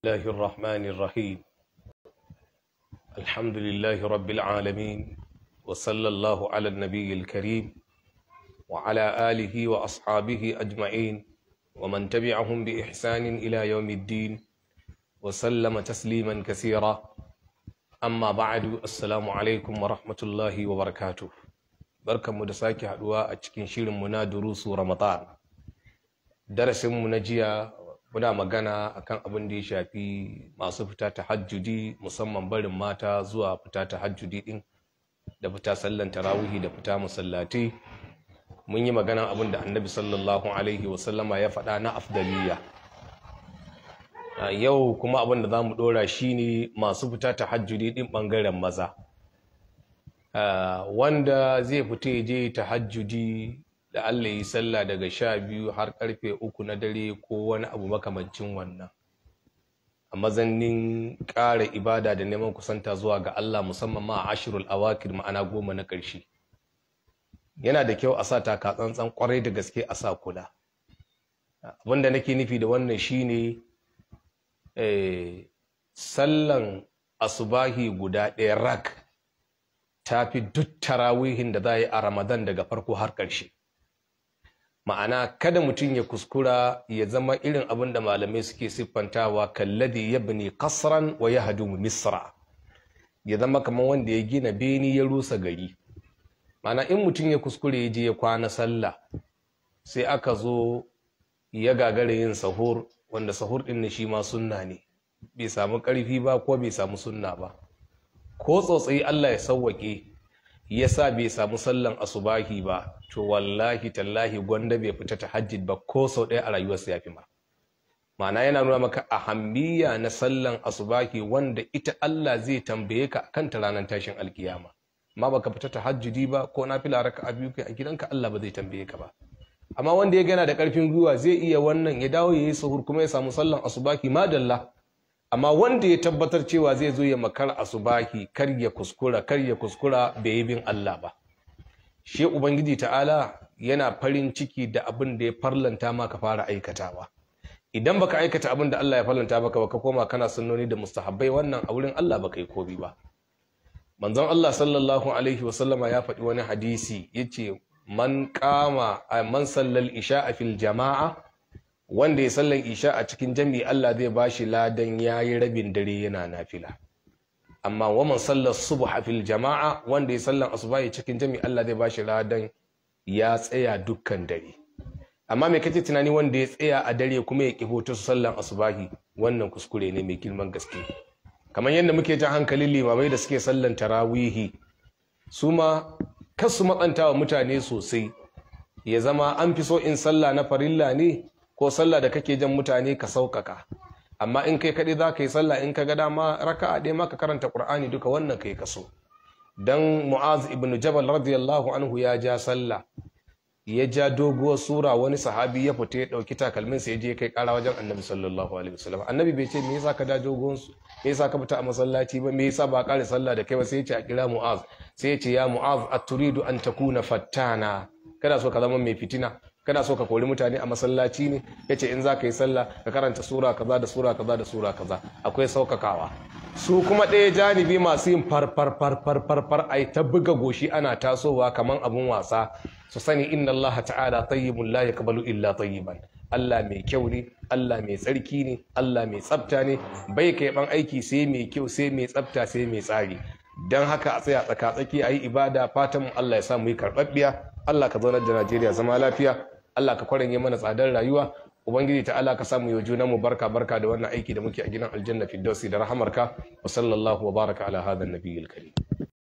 الله الرحمن الرحيم الحمد لله رب العالمين وصلى الله على النبي الكريم وعلى آله وأصحابه أجمعين ومن تبعهم بإحسان إلى يوم الدين وسلم تسليما كثيرا أما بعد السلام عليكم ورحمة الله وبركاته بركة مدساكي حدواء أتكين شير منا دروس رمضان درس منجية muna magana akan abin da ya shafi masu fita ta hajjudi musamman barin mata zuwa fita ta hajjudi din da fita sallan tarawihi da fita musallatai mun yi magana abin da annabi sallallahu alaihi wasallama ya faɗa na afdaliya yau kuma abin da za mu ɗora shi ne masu fita ta hajjudi din ɓangaren maza wanda zai fita ya je ta hajjudi da Allah yi sallah daga sha biyu har karfe uku na dare ko wani abu makamancin wannan a mazanin ƙara ibada da neman kusanta zuwa ga Allah musamman ma a ashirul awakir ma'ana goma na ƙarshe yana da kyau a sa taka tsantsan kwarai da gaske a sa kula abinda nake nufi da wannan shine eh, sallan asubahi guda ɗaya rak ta fi duk tarawihin da za a yi a ramadan daga farko har ƙarshe ma'ana kada mutum ya kuskura ya zama irin abin da malamai suke siffantawa kalladi ne kasran wa hadu misra ya zama kamar wanda ya gina beni ya rusa gari Ma'ana in mutum ya kuskure ya je ya kwana sallah sai aka zo ya gagara yin sahur wanda sahur din shi ma sunna ne bai samu karfi ba ko bai samu sunna ba ko tsotsai Allah ya sauwake ya sa bai samu sallan asubahi ba to wallahi tallahi gwanda bai fita ta hajjid ba ko sau ɗaya a rayuwarsa ya fi ma ma'ana yana nuna maka ahammiya na sallan asubahi wanda ita Allah zai tambaye ka kan ta ranar tashin alkiyama ma baka fita ta hajji ba ko na fila raka a biyu kai a gidanka Allah ba zai tambaye ka ba amma wanda ya gana da karfin gwiwa zai iya wannan ya dawo ya yi suhur kuma ya samu sallan asubahi madalla amma wanda ya tabbatar cewa zai zo ya makara asubahi kar ya kuskura kar ya kuskura bai yi bin Allah ba she ubangiji ta'ala yana farin ciki da abin da ya farlanta ma ka fara aikatawa idan baka aikata abin da Allah ya farlanta baka ba ka koma kana sunnoni da mustahabbai wannan a wurin Allah baka yi kobi ba manzon Allah sallallahu alaihi wasallama ya faɗi wani hadisi yace man qama man sallal isha'a fil jama'a wanda ya sallan isha a cikin jam'i Allah zai bashi ladan yayi rabin dare yana nafila amma waman sallar subha fil jama'a wanda ya sallan asubahi cikin jam'i Allah zai bashi ladan ya tsaya dukkan dare amma me kace tunani wanda ya tsaya a dare kuma ya kiho ta sallan asubahi wannan kuskure ne mai girman gaske kamar yadda muke jan hankalin limamai da suke sallan tarawihi su ma kar matsanta wa mutane sosai ya zama an fi so in sallah na farilla ne ko sallah da kake jan mutane ka sauƙaƙa amma in kai kaɗai za ka yi sallah in ka ga dama raka'a ɗaya maka ka karanta ƙur'ani duka wannan kai ka so dan mu'az ibn jabal radiyallahu anhu ya ja sallah ya ja doguwar sura wani sahabi ya fita ya ɗauki takalmin takalminsa ya je kai ƙara wajen annabi sallallahu alaihi wasallam annabi bai ce me yasa ka da su me yasa ka fita a masallaci ba me yasa ba ƙare sallah da kai ba sai ya ce a kira mu'az sai ya ce ya mu'az aturidu an takuna fattana kana so ka zama mai fitina kana so ka kori mutane a masallaci ne Ya ce in za ka yi sallah ka karanta sura kaza da sura kaza da sura kaza akwai saukakawa su kuma ɗaya janibi masu yin farfarfarfarfar ai ta buga goshi ana tasowa kamar abun wasa su sani inna Allah ta'ala tayyibun la yaqbalu illa tayyiban Allah mai kyau ne Allah mai tsarki ne Allah mai tsafta ne bai kai ban aiki sai mai kyau sai mai tsafta sai mai tsari don haka a tsaya tsaka-tsaki a yi ibada fatan Allah ya samu yi karɓaɓɓiya Allah ka zaunar da Najeriya zama lafiya Allah ka kwaranye mana tsadar rayuwa ubangiji ta Allah ka samu yi juna mu barka barka da wannan aiki da muke a gidan aljanna firdausi da rahamarka wa sallallahu wa baraka ala hadha nabiyil karim